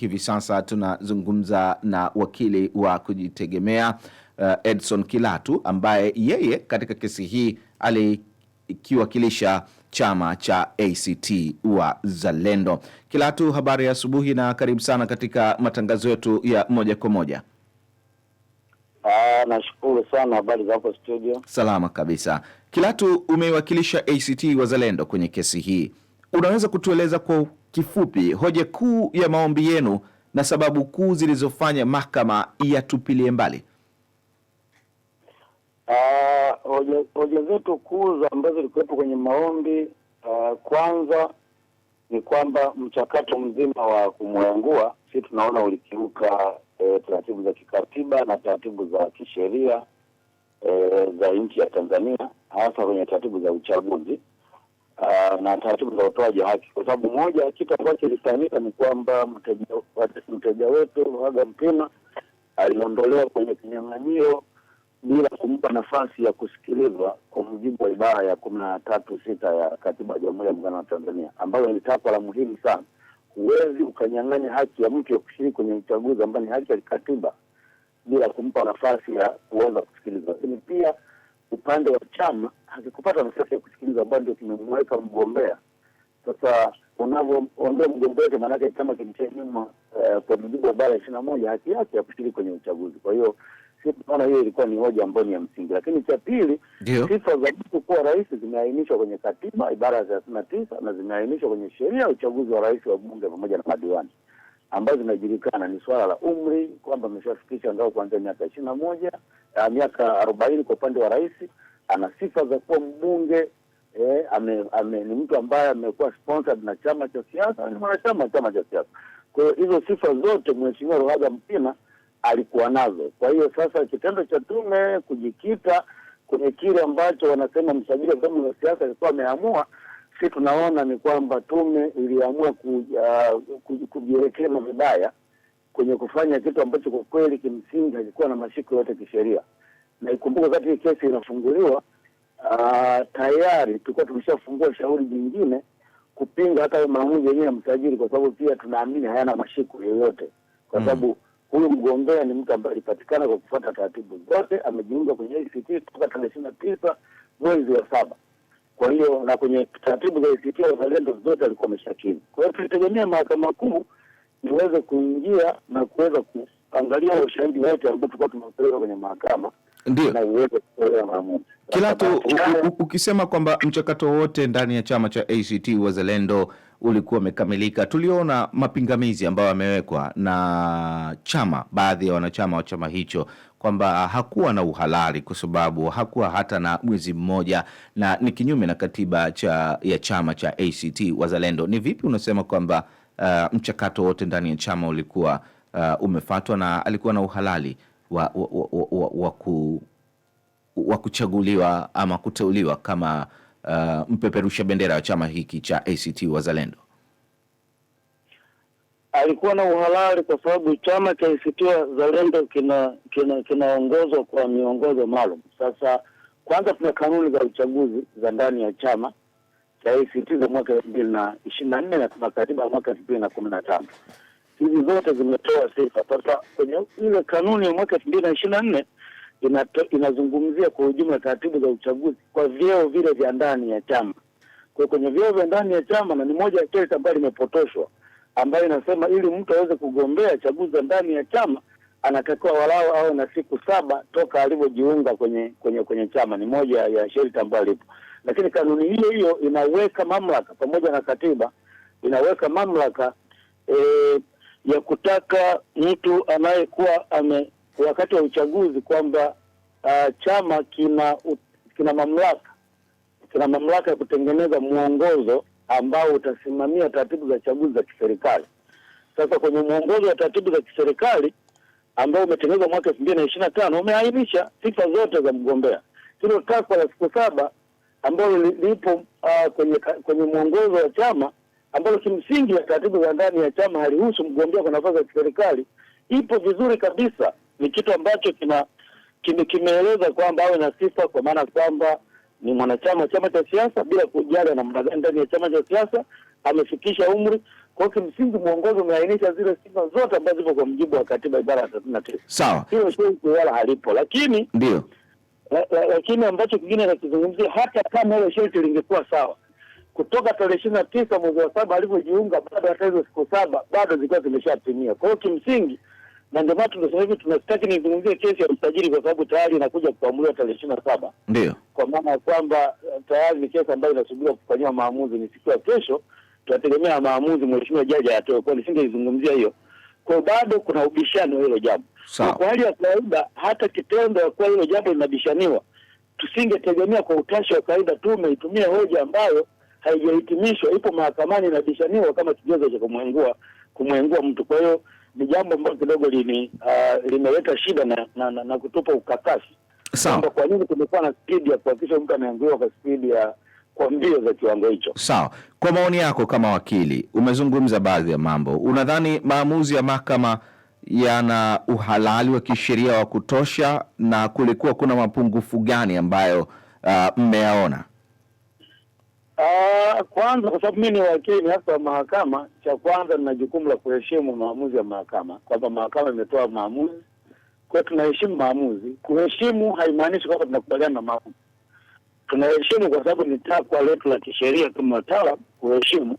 Hivi sasa tunazungumza na wakili wa kujitegemea uh, Edson Kilatu ambaye yeye katika kesi hii alikiwakilisha chama cha ACT Wazalendo. Kilatu, habari ya asubuhi na karibu sana katika matangazo yetu ya moja kwa moja. Ah, nashukuru sana, habari za hapo studio? Salama kabisa. Kilatu, umeiwakilisha ACT Wazalendo kwenye kesi hii unaweza kutueleza kwa kifupi hoja kuu ya maombi yenu na sababu kuu zilizofanya mahakama yatupilie mbali? Ah, hoja uh, zetu kuu ambazo zilikuwepo kwenye maombi uh, kwanza ni kwamba mchakato mzima wa kumwangua si tunaona ulikiuka e, taratibu za kikatiba na taratibu za kisheria e, za nchi ya Tanzania hasa kwenye taratibu za uchaguzi uh, na taratibu za utoaji haki, kwa sababu moja ya kitu ambacho ilifanyika ni kwamba mteja wetu Haga Mpina aliondolewa kwenye kinyang'anyio bila kumpa nafasi ya kusikilizwa kwa mujibu wa ibara ya kumi na tatu sita ya katiba ya Jamhuri ya Muungano wa Tanzania, ambayo ni takwa la muhimu sana. Huwezi ukanyang'anya haki ya mtu ya kushiriki kwenye uchaguzi ambayo ni haki ya kikatiba bila kumpa nafasi ya kuweza kusikilizwa, lakini pia upande wa chama hakikupata nafasi ya kusikiliza, ambayo ndio kimemweka mgombea. Sasa unavyoondoa mgombea wake, maanake chama kilichonyuma nyuma eh, kwa mujibu wa bara ya ishirini na moja haki yake ya kushiriki kwenye uchaguzi. Kwa hiyo si tunaona hiyo ilikuwa ni hoja ambayo ni ya msingi, lakini cha pili, sifa za mtu kuwa rais zimeainishwa kwenye katiba ibara ya thelathini na tisa na zimeainishwa kwenye sheria ya uchaguzi wa rais wa bunge pamoja na madiwani ambazo zinajulikana. Ni suala la umri kwamba ameshafikisha ngao kuanzia miaka ishirini na moja uh, miaka arobaini kwa upande wa rais, ana sifa za kuwa mbunge eh, ame, ame, ni mtu ambaye amekuwa sponsored na chama cha siasa, ni mwanachama wa chama cha siasa. Kwa hiyo hizo sifa zote mheshimiwa Luhaga Mpina alikuwa nazo. Kwa hiyo sasa kitendo cha tume kujikita kwenye kile ambacho wanasema msajili wa vyama vya siasa alikuwa ameamua, si tunaona ni kwamba tume iliamua uh, kujielekeza vibaya kwenye kufanya kitu ambacho kwa kweli kimsingi hakikuwa na mashiko yote kisheria. Na ikumbuka wakati hii kesi inafunguliwa, ah, tayari tulikuwa tumeshafungua shauri jingine kupinga hata maamuzi yenyewe ya msajili, kwa sababu pia tunaamini hayana mashiko yoyote, kwa mm. sababu mm. huyu mgombea ni mtu ambaye alipatikana kwa kufuata taratibu zote, amejiunga kwenye ACT toka tarehe ishirini na tisa mwezi wa saba kwa hiyo na kwenye taratibu za ACT wazalendo zote alikuwa ameshakini. Kwa hiyo tulitegemea mahakama kuu niweze kuingia na kuweza kuangalia ushahidi wote ambao tulikuwa tumepeleka kwenye mahakama ndio Kila tu ukisema kwamba mchakato wote ndani ya chama cha ACT Wazalendo ulikuwa umekamilika, tuliona mapingamizi ambayo yamewekwa na chama, baadhi ya wanachama wa chama hicho kwamba hakuwa na uhalali kwa sababu hakuwa hata na mwezi mmoja na ni kinyume na katiba cha ya chama cha ACT Wazalendo. Ni vipi unasema kwamba uh, mchakato wote ndani ya chama ulikuwa uh, eh, umefatwa na alikuwa na uhalali wa, wa, wa, wa, wa, wa, ku, wa kuchaguliwa ama kuteuliwa kama uh, mpeperusha bendera wa chama hiki cha ACT Wazalendo. Alikuwa na uhalali kwa sababu chama cha ACT Wazalendo kinaongozwa kina kwa miongozo maalum. Sasa kwanza, tuna kanuni za uchaguzi za ndani ya chama ya ACT za mwaka elfu mbili na ishirini na nne na tuna katiba ya mwaka elfu mbili na kumi na tano hizi zote zimetoa sifa. Sasa kwenye ile kanuni ya mwaka elfu mbili na ishirini na nne inazungumzia kwa ujumla taratibu za uchaguzi kwa vyeo vile vya ndani ya chama. Kwa kwenye vyeo vya ndani ya chama, na ni moja ya kesi ambayo limepotoshwa, ambayo inasema ili mtu aweze kugombea chaguzi za ndani ya chama anatakiwa walau awe na siku saba toka alivyojiunga kwenye kwenye kwenye chama. Ni moja ya sharti ambayo lipo. Lakini kanuni hiyo hiyo inaweka mamlaka pamoja na katiba, inaweka mamlaka e, ya kutaka mtu anayekuwa ame wakati wa uchaguzi kwamba uh, chama kina kina mamlaka kina mamlaka ya kutengeneza mwongozo ambao utasimamia taratibu za chaguzi za kiserikali. Sasa kwenye mwongozo wa taratibu za kiserikali ambao umetengenezwa mwaka elfu mbili na ishirini na tano umeainisha sifa zote za mgombea. Hilo takwa la siku saba ambalo lipo uh, kwenye kwenye mwongozo wa chama ambalo kimsingi ya taratibu za ndani ya chama halihusu mgombea kwa nafasi ya kiserikali ipo vizuri kabisa. Ni kitu ambacho kina kimeeleza kwamba awe na sifa, kwa maana kwamba ni mwanachama wa chama cha siasa bila kujali ana muda gani ndani ya chama cha siasa, amefikisha umri. Kwa hiyo kimsingi mwongozo umeainisha zile sifa zote ambazo zipo kwa mjibu wa katiba ibara ya thelathini na tisa. Sawa, hilo sio wala halipo, lakini ndio lakini ambacho kingine nakizungumzia, hata kama hilo sharti lingekuwa sawa, kutoka tarehe ishirini na tisa mwezi wa saba alivyojiunga, bado hata hizo siku saba bado zilikuwa zimeshatimia. Kwa hiyo kimsingi, na ndio maana tunasema hivi, tunastaki nizungumzie kesi ya usajili kwa sababu tayari inakuja kuamuliwa tarehe ishirini na saba ndio kwa maana ya kwamba eh, tayari ni kesi ambayo inasubiriwa kufanyiwa maamuzi, ni siku ya kesho tunategemea maamuzi, mheshimiwa jaji ayatoe. Kwa nisingeizungumzia hiyo kwa bado kuna ubishano hilo jambo. Kwa hali ya kawaida, hata kitendo ya kuwa hilo jambo linabishaniwa, tusingetegemea kwa utashi wa kawaida tu umeitumia hoja ambayo haijahitimishwa, ipo mahakamani, inabishaniwa kama kigezo cha kumwengua kumwengua mtu. Kwa hiyo ni jambo ambalo kidogo lini uh, limeleta shida na, na, na, na kutupa ukakasi. Kwa nini tumekuwa na spidi ya kuhakikisha mtu anaanguliwa kwa spidi ya kwa mbio za kiwango hicho. Sawa, kwa maoni yako kama wakili, umezungumza baadhi ya mambo, unadhani maamuzi ya mahakama yana uhalali wa kisheria wa kutosha na kulikuwa kuna mapungufu gani ambayo uh, mmeyaona? Uh, kwanza kwa sababu mimi ni wakili hasa wa mahakama, cha kwanza nina jukumu la kuheshimu maamuzi ya mahakama, kwamba mahakama imetoa maamuzi, kwa hiyo tunaheshimu maamuzi. Kuheshimu haimaanishi kwamba tunakubaliana na maamuzi tunaheshimu kwa sababu ni takwa letu la kisheria kama watawa kuheshimu,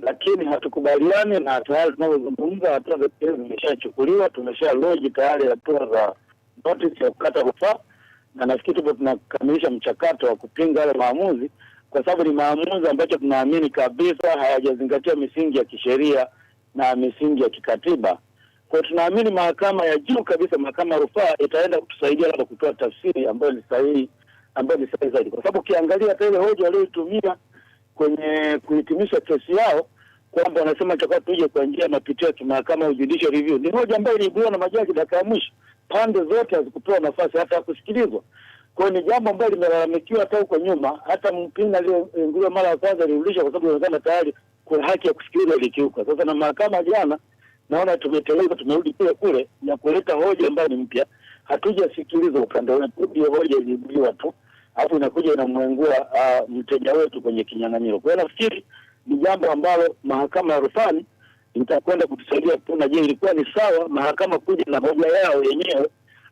lakini hatukubaliani na tayari tunavyozungumza, hatua za kisheria zimeshachukuliwa, tumesha loji tayari hatua za notice ya kukata rufaa, na nafikiri tupo tunakamilisha mchakato wa kupinga yale maamuzi, kwa sababu ni maamuzi ambacho tunaamini kabisa hayajazingatia misingi ya kisheria na misingi ya kikatiba. Kwa tunaamini mahakama ya juu kabisa, mahakama ya rufaa itaenda kutusaidia labda kutoa tafsiri ambayo ni sahihi ambayo ni sahihi zaidi, kwa sababu ukiangalia hata ile hoja walioitumia kwenye kuhitimisha kesi yao kwamba wanasema tutakuwa tuje kwa njia ya mapitio ya kimahakama judicial review, ni hoja ambayo iliibuliwa na majaji dakika ya mwisho. Pande zote hazikupewa nafasi hata ya kusikilizwa. Kwa hiyo ni jambo ambalo limelalamikiwa hata huko nyuma, hata mpinzani aliyeinguliwa mara ya kwanza alirudishwa kwa sababu inaonekana tayari kuna haki ya kusikilizwa ilikiuka. Sasa na mahakama jana, naona tumeteleza, tumerudi kule kule na kuleta hoja ambayo ni mpya, hatujasikilizwa upande wetu, hiyo hoja iliibuliwa tu halafu inakuja inamwengua uh, mteja wetu kwenye kinyang'anyiro. Kwa hiyo nafikiri ni jambo ambalo mahakama ya rufani itakwenda kutusaidia kuona, je, ilikuwa ni sawa mahakama kuja na hoja yao yenyewe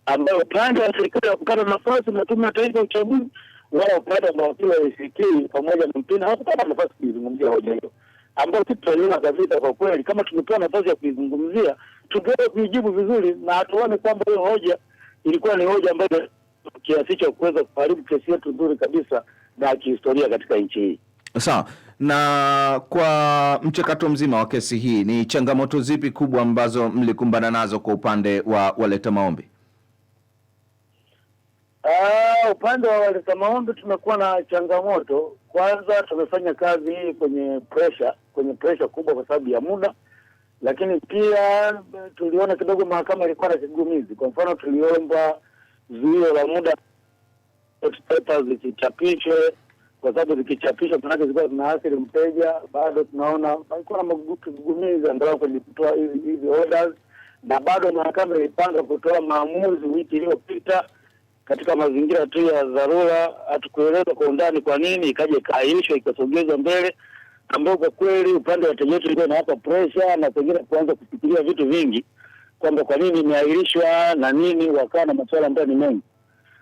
ambayo upande wa serikali wakupata nafasi na Tume ya Taifa ya Uchaguzi wala upande wa mawakili wa ACT pamoja na Mpina hawakupata nafasi kuizungumzia hoja hiyo ambayo sisi tunaiona kabisa. Kwa kweli, kama tumepewa nafasi ya kuizungumzia, tungeweza kuijibu vizuri na hatuone kwamba hiyo hoja ilikuwa ni hoja ambayo kiasi cha kuweza kuharibu kesi yetu nzuri kabisa na kihistoria katika nchi hii. Sawa. Na kwa mchakato mzima wa kesi hii, ni changamoto zipi kubwa ambazo mlikumbana nazo kwa upande wa waleta maombi? Uh, upande wa waleta maombi tumekuwa na changamoto. Kwanza tumefanya kazi hii kwenye presha, kwenye presha kubwa kwa sababu ya muda, lakini pia tuliona kidogo mahakama ilikuwa na kigumizi. Kwa mfano tuliomba zuio la muda papers zikichapishwe, kwa sababu zikichapishwa manake zilikuwa zinaathiri mteja. Bado tunaona alikuwa na magumizi angalau kwenye kutoa hizi orders, na bado mahakama ilipanga kutoa maamuzi wiki iliyopita katika mazingira tu ya dharura. hatukuelezwa kwa undani kwa nini ikaja ikaahirishwa ikasogezwa mbele, ambayo kwa kweli upande wa wateja wetu ilikuwa inawapa pressure na pengine kuanza kufikiria vitu vingi kwamba kwa nini imeahirishwa na nini, wakawa na masuala ambayo ni mengi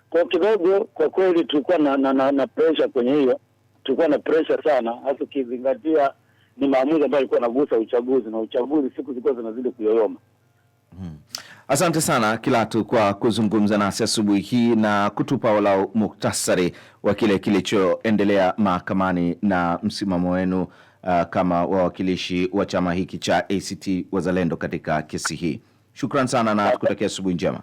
kwa kidogo. Kwa kweli tulikuwa na, na, na, na pressure kwenye hiyo, tulikuwa na pressure sana, hasa ukizingatia ni maamuzi ambayo alikuwa anagusa uchaguzi na uchaguzi siku zilikuwa zinazidi kuyoyoma. Hmm. Asante sana Kilatu kwa kuzungumza nasi asubuhi hii na kutupa walau muktasari wa kile kilichoendelea mahakamani na msimamo wenu uh, kama wawakilishi wa chama hiki cha ACT Wazalendo katika kesi hii. Shukran sana na tukutakia asubuhi njema.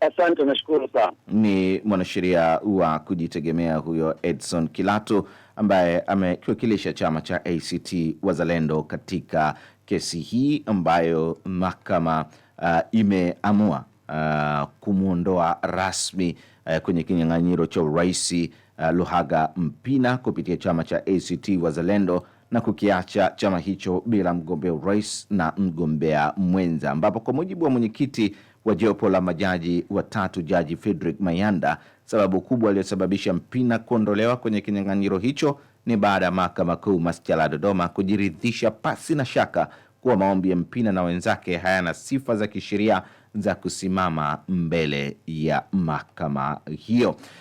Asante, nashukuru sana. Ni mwanasheria wa kujitegemea huyo Edson Kilatu ambaye amekiwakilisha chama cha ACT Wazalendo katika kesi hii ambayo mahakama uh, imeamua uh, kumwondoa rasmi uh, kwenye kinyang'anyiro cha uraisi uh, Luhaga Mpina kupitia chama cha ACT Wazalendo na kukiacha chama hicho bila mgombea urais na mgombea mwenza, ambapo kwa mujibu wa mwenyekiti wa jopo la majaji watatu, Jaji Fredrick Mayanda, sababu kubwa iliyosababisha Mpina kuondolewa kwenye kinyang'anyiro hicho ni baada ya mahakama kuu masjala ya Dodoma kujiridhisha pasi na shaka kuwa maombi ya Mpina na wenzake hayana sifa za kisheria za kusimama mbele ya mahakama hiyo.